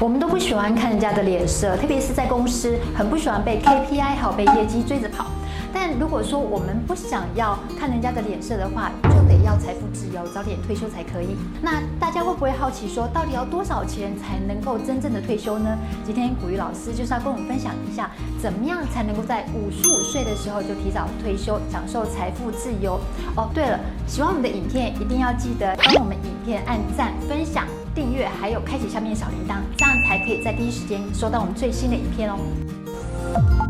我們都不喜歡看人家的臉色，特別是在公司，很不喜歡被 KPI 還有被業績追着跑。但如果說我們不想要看人家的臉色的話，就得要財富自由，早點退休才可以。那大家會不會好奇說，到底要多少錢才能夠真正的退休呢？今天股魚老師就是要跟我們分享一下，怎麼樣才能夠在五十五歲的時候就提早退休，享受財富自由。哦，對了，喜歡我們的影片一定要記得幫我們影片按讚、分享、訂閱，還有開啟下面的小鈴鐺，這樣才可以在第一時間收到我們最新的影片哦。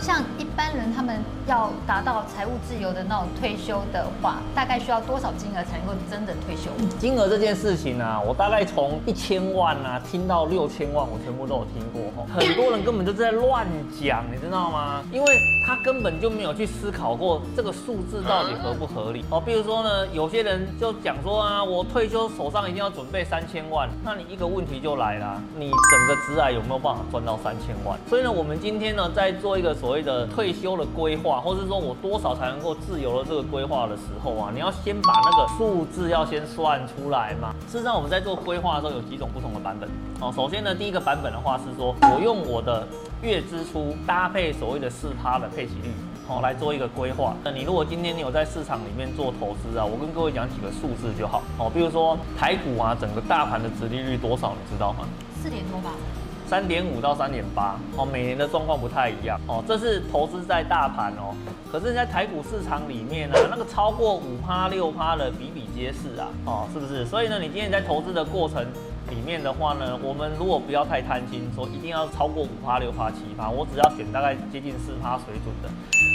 像一般人他們要達到財務自由的那種退休的話，大概需要多少金額才能夠真的退休？金額這件事情呢、啊，我大概從一千萬啊聽到六千萬，我全部都有聽過。吼，很多人根本就在亂講，你知道嗎？因為他根本就沒有去思考過這個數字到底合不合理哦、嗯。比如說呢，有些人就講說啊，我退休手上一定要準備三千萬。那你一個問題就來了，你整個資產有沒有辦法賺到三千萬？所以呢，我們今天呢在做一個手，所謂的退休的規劃，或是說我多少才能夠自由的這個規劃的時候啊，你要先把那個數字要先算出來嘛。事實上我們在做規劃的時候有幾種不同的版本哦。首先呢，第一個版本的話是說，我用我的月支出搭配所謂的四趴的配息率，好，來做一個規劃。那你如果今天你有在市場裡面做投資啊，我跟各位講幾個數字就好哦。比如說台股啊，整個大盤的殖利率多少，你知道嗎？四點多吧。三點五到三點八哦，每年的狀況不太一樣哦。這是投資在大盤哦，可是你在台股市場裡面呢，啊，那個超過五趴六趴的比比皆是啊，哦，是不是？所以呢，你今天在投資的過程裡面的話呢，我們如果不要太貪心，說一定要超過五趴六趴七趴，我只要選大概接近四趴水準的。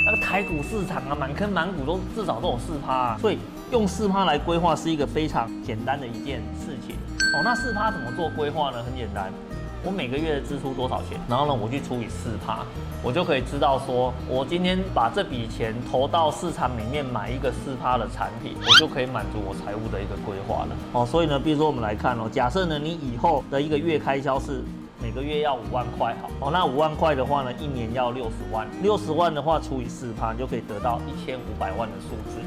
那個台股市場啊，滿坑滿谷都至少都有四趴啊，所以用四趴來規劃是一個非常簡單的一件事情哦。那四趴怎麼做規劃呢？很簡單。我每個月的支出多少錢？然後呢，我去除以四趴，我就可以知道說，我今天把這筆錢投到市場裡面買一個四趴的產品，我就可以滿足我財務的一個規劃了。哦，所以呢，比如說我們來看哦，假設呢你以後的一個月開銷是每個月要五萬塊，好，哦，那五萬塊的話呢，一年要六十萬，六十萬的話除以四趴，就可以得到一千五百萬的數字。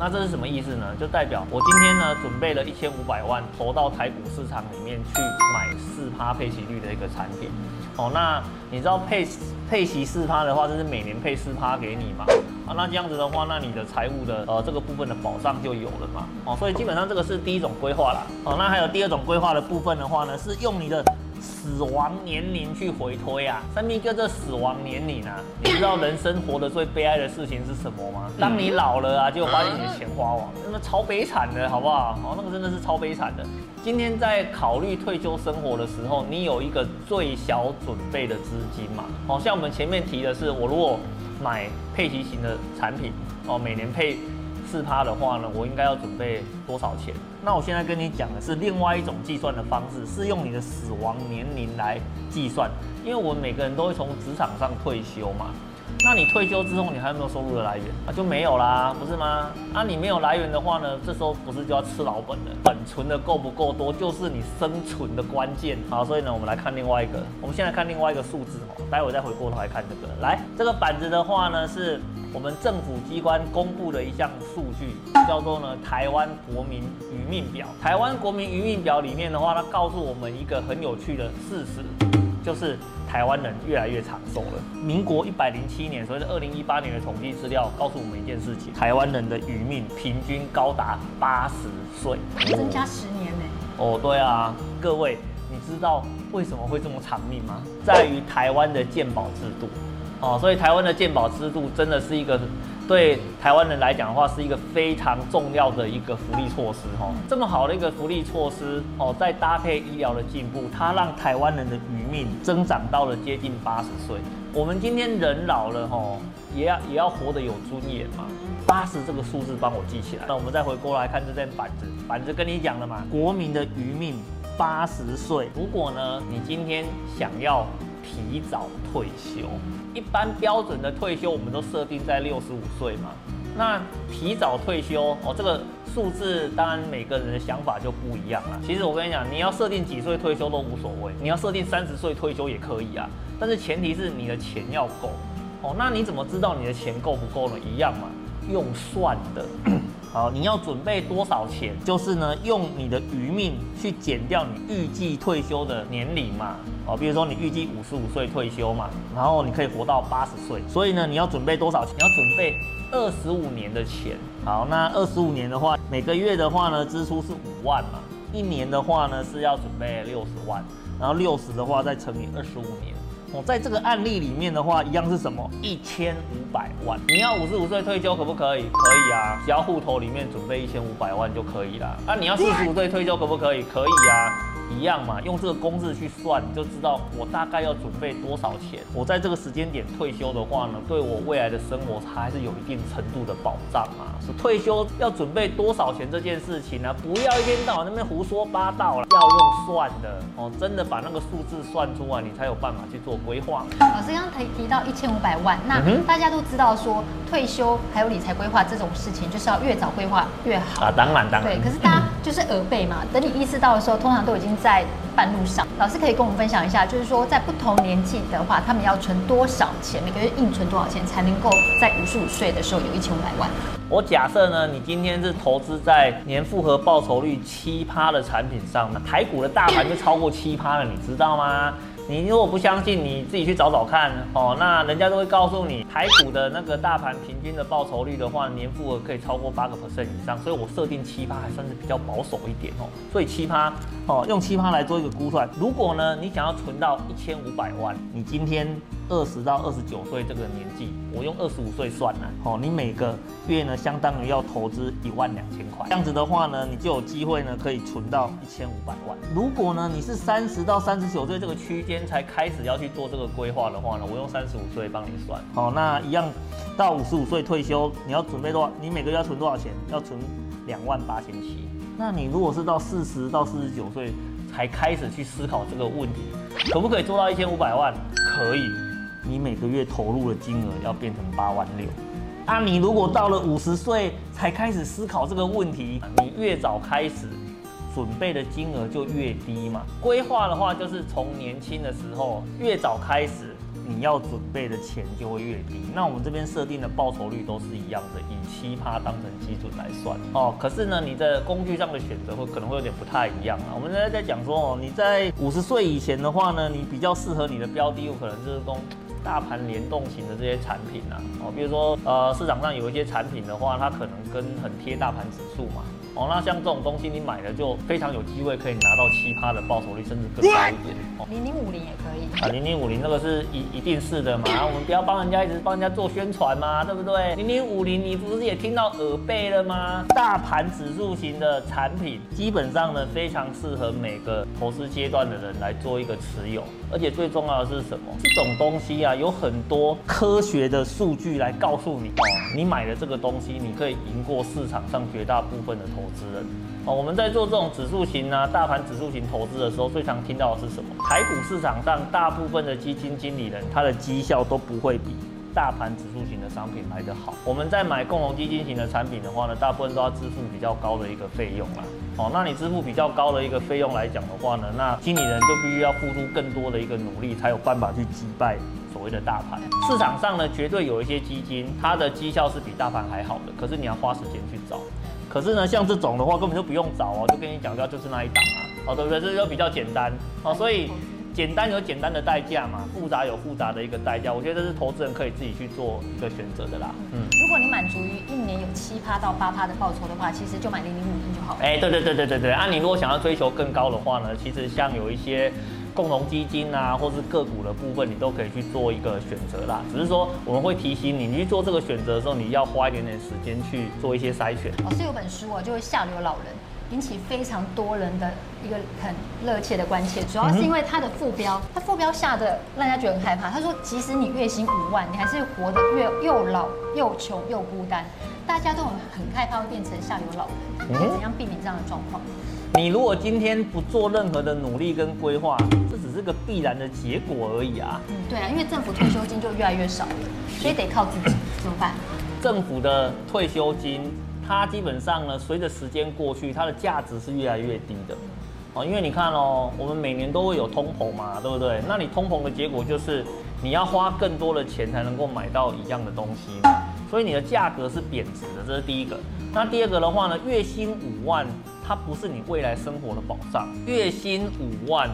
那這是什麼意思呢？就代表我今天呢準備了一千五百萬，投到台股市場裡面去買四趴配息率的一個產品。哦，那你知道配配息四趴的話，就是每年配四趴給你嘛。啊，那這樣子的話，那你的財務的呃這個部分的保障就有了嘛。哦，所以基本上這個是第一種規劃啦。哦，那還有第二種規劃的部分的話呢，是用你的。死亡年齡去回推啊，三命哥。這死亡年齡啊。你知道人生活的最悲哀的事情是什麼嗎？當你老了啊，就發現你的錢花完了，那麼、個、超悲慘的，好不好？哦，那個真的是超悲慘的。今天在考慮退休生活的時候，你有一個最小準備的資金嘛？哦，像我們前面提的是，我如果買配息型的產品，哦，每年配。四趴的話呢，我應該要準備多少錢？那我現在跟你講的是另外一種計算的方式，是用你的死亡年齡來計算，因為我們每個人都會從職場上退休嘛。那你退休之後，你還有沒有收入的來源？啊？就沒有啦，不是嗎？啊，你沒有來源的話呢，這時候不是就要吃老本了？本存的夠不夠多，就是你生存的關鍵。好，所以呢，我們來看另外一個，我們現在看另外一個數字。值，待會再回過頭來看這個。來，這個板子的話呢是。我們政府機關公布了一項數據叫做呢《台灣國民餘命表》。《台灣國民餘命表》裡面的話，它告訴我們一個很有趣的事實，就是台灣人越來越長壽了。民國一百零七年，所以是二零一八年的統計資料，告訴我們一件事情：台灣人的餘命平均高達八十歲，增加十年呢、欸？哦，對啊，各位，你知道為什麼會這麼長命嗎？在於台灣的健保制度。哦，所以台灣的健保制度真的是一個對台灣人來講的話，是一個非常重要的一個福利措施。哦，這麼好的一個福利措施，哦，再搭配醫療的進步，它讓台灣人的餘命增長到了接近八十歲。我們今天人老了，哦，也要也要活得有尊嚴嘛。八十這個數字幫我記起來。那我們再回過來看這件板子，板子跟你講了嘛，國民的餘命八十歲。如果呢，你今天想要提早退休，一般標準的退休我們都設定在六十五歲嘛。那提早退休哦，這個數字當然每個人的想法就不一樣了。其實我跟你講，你要設定幾歲退休都無所謂，你要設定三十歲退休也可以啊。但是前提是你的錢要夠哦。那你怎麼知道你的錢夠不夠呢？一樣嘛，用算的。 好，你要準備多少錢？就是呢，用你的餘命去減掉你預計退休的年齡嘛。哦，比如說你預計五十五歲退休嘛，然後你可以活到八十歲，所以呢，你要準備多少錢？你要準備二十五年的錢。好，那二十五年的話，每個月的話呢，支出是五萬嘛，一年的話呢是要準備六十萬，然後六十的話再乘以二十五年。我、哦、在這個案例裡面的話，一樣是什麼？一千五百萬。你要五十五歲退休可不可以？可以啊，只要戶頭裡面準備一千五百萬就可以了。那、啊、你要四十五歲退休可不可以？可以啊。一樣嘛，用這個公式去算，你就知道我大概要準備多少錢。我在這個時間點退休的話呢，對我未來的生活它還是有一定程度的保障嘛。是退休要準備多少錢這件事情呢？啊，不要一天到晚那邊胡說八道了，要用算的哦，真的把那個數字算出來，你才有辦法去做規劃。老師剛才提到一千五百萬，那大家都知道說，退休還有理財規劃這種事情，就是要越早規劃越好啊，當然當然。對，可是大家。嗯就是耳背嘛，等你意識到的時候，通常都已經在半路上。老師可以跟我們分享一下，就是說在不同年紀的話，他們要存多少錢，每個月硬存多少錢，才能夠在五十五歲的時候有一千五百萬？我假設呢，你今天是投資在年複合報酬率七趴的產品上，那台股的大盤就超過七趴了，你知道嗎？你如果不相信，你自己去找找看哦。那人家都會告訴你，台股的那個大盤平均的報酬率的話，年複合可以超過八個趴以上。所以我設定七趴還算是比較保守一點哦。所以七趴哦，用七趴來做一個估算。如果呢，你想要存到一千五百萬，你今天。二十到二十九歲這個年紀，我用二十五歲算呢。哦，你每個月呢，相當於要投資一萬兩千塊。這樣子的話呢，你就有機會呢，可以存到一千五百萬。如果呢，你是三十到三十九歲這個區間才開始要去做這個規劃的話呢，我用三十五歲幫你算。哦，那一樣，到五十五歲退休，你要準備多少？你每個月要存多少錢？要存兩萬八千七。那你如果是到四十到四十九歲才開始去思考這個問題，可不可以做到一千五百萬？可以。你每個月投入的金額要變成八萬六。啊，你如果到了五十歲才開始思考這個問題，你越早開始準備的金額就越低嘛。規劃的話就是從年輕的時候越早開始，你要準備的錢就會越低。那我們這邊設定的報酬率都是一樣的，以七趴當成基準來算哦。可是呢，你在工具上的選擇會可能會有點不太一樣啊。我們現在在講說哦，你在五十歲以前的話呢，你比較適合你的標的，有可能就是種大盤聯動型的這些產品啊哦，比如說，呃，市場上有一些產品的話，它可能跟很貼大盤指數嘛，哦，那像這種東西你買了就非常有機會可以拿到七趴的報酬率，甚至更高一點。哦。零零五零也可以。啊，零零五零那個是一一定是的嘛， 我們不要幫人家一直幫人家做宣傳嘛，對不對？零零五零你不是也聽到耳背了嗎？大盤指數型的產品，基本上呢非常適合每個投資階段的人來做一個持有。而且最重要的是什麼？這種東西啊，有很多科學的數據來告訴你哦，你買了這個東西，你可以贏過市場上絕大部分的投資人。哦，我們在做這種指數型啊、大盤指數型投資的時候，最常聽到的是什麼？台股市場上大部分的基金經理人，他的績效都不會比。大盤指數型的商品買得好，我們在買共同基金型的產品的話呢，大部分都要支付比較高的一個費用啦哦、喔，那你支付比較高的一個費用來講的話呢，那經理人就必須要付出更多的一個努力，才有辦法去擊敗所謂的大盤。市場上呢，絕對有一些基金，它的績效是比大盤還好的，可是你要花時間去找。可是呢，像這種的話，根本就不用找哦、喔，就跟你講到就是那一檔啊、喔，好對不對，這就比較簡單。好，所以。簡單有簡單的代價嘛，複雜有複雜的一個代價，我覺得這是投資人可以自己去做一個選擇的啦。嗯，如果你滿足於一年有七趴到八趴的報酬的話，其實就買0050就好了。哎、欸，對對對對對對，啊，你如果想要追求更高的話呢，其實像有一些共同基金啊，或是個股的部分，你都可以去做一個選擇啦。只是說我們會提醒你，你去做這個選擇的時候，你要花一點點時間去做一些篩選。哦，是有本書啊，就會下流老人。引起非常多人的一個很熱切的關切，主要是因為他的副標，他副標下的讓人家覺得很害怕。他說，即使你月薪五萬，你還是活得越又老又窮又孤單，大家都很很害怕會變成下流老人。可以怎樣避免這樣的狀況？你如果今天不做任何的努力跟規劃，這只是個必然的結果而已啊。嗯，對啊，因為政府退休金就越來越少了，所以得靠自己，怎麼辦？政府的退休金。它基本上呢，隨着時間過去，它的價值是越來越低的哦，因為你看哦，我們每年都會有通膨嘛，對不對？那你通膨的結果就是你要花更多的錢才能夠買到一樣的東西嘛，所以你的價格是貶值的，這是第一個。那第二個的話呢，月薪五萬，它不是你未來生活的保障，月薪五萬。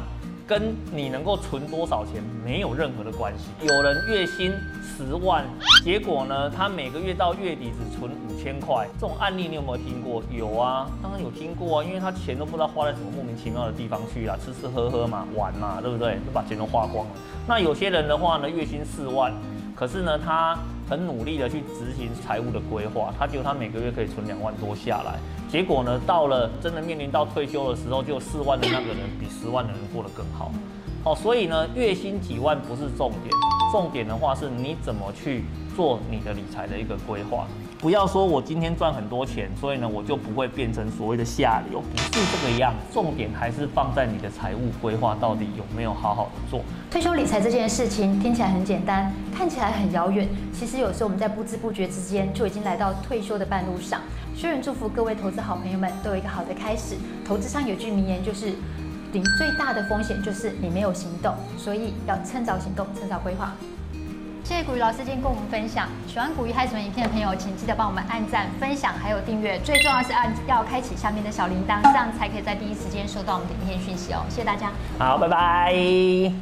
跟你能夠存多少錢沒有任何的關係。有人月薪十萬，結果呢，他每個月到月底只存五千塊，這種案例你有沒有聽過？有啊，當然有聽過啊，因為他錢都不知道花在什麼莫名其妙的地方去了，吃吃喝喝嘛，玩嘛，對不對？就把錢都花光了。那有些人的話呢，月薪四萬，可是呢，他很努力的去執行財務的規劃，他覺得他每個月可以存兩萬多下來。結果呢，到了真的面臨到退休的時候，就四萬的那個人比十萬的人過得更好。哦，所以呢，月薪幾萬不是重點，重點的話是你怎麼去做你的理財的一個規劃。不要說我今天賺很多錢，所以呢，我就不會變成所謂的下流，不是這個樣。重點還是放在你的財務規劃到底有沒有好好的做。退休理財這件事情聽起來很簡單，看起來很遙遠，其實有時候我們在不知不覺之間就已經來到退休的半路上。雖然祝福各位投資好朋友們都有一個好的開始。投資上有句名言就是。最大的風險就是你沒有行動，所以要趁早行動，趁早規劃。謝謝股魚老師今天跟我們分享，喜歡股魚嗨什麼影片的朋友，請記得幫我們按讚、分享，還有訂閱，最重要是按要，要開啟下面的小鈴鐺，這樣才可以在第一時間收到我們的影片訊息哦。謝謝大家，好，拜拜。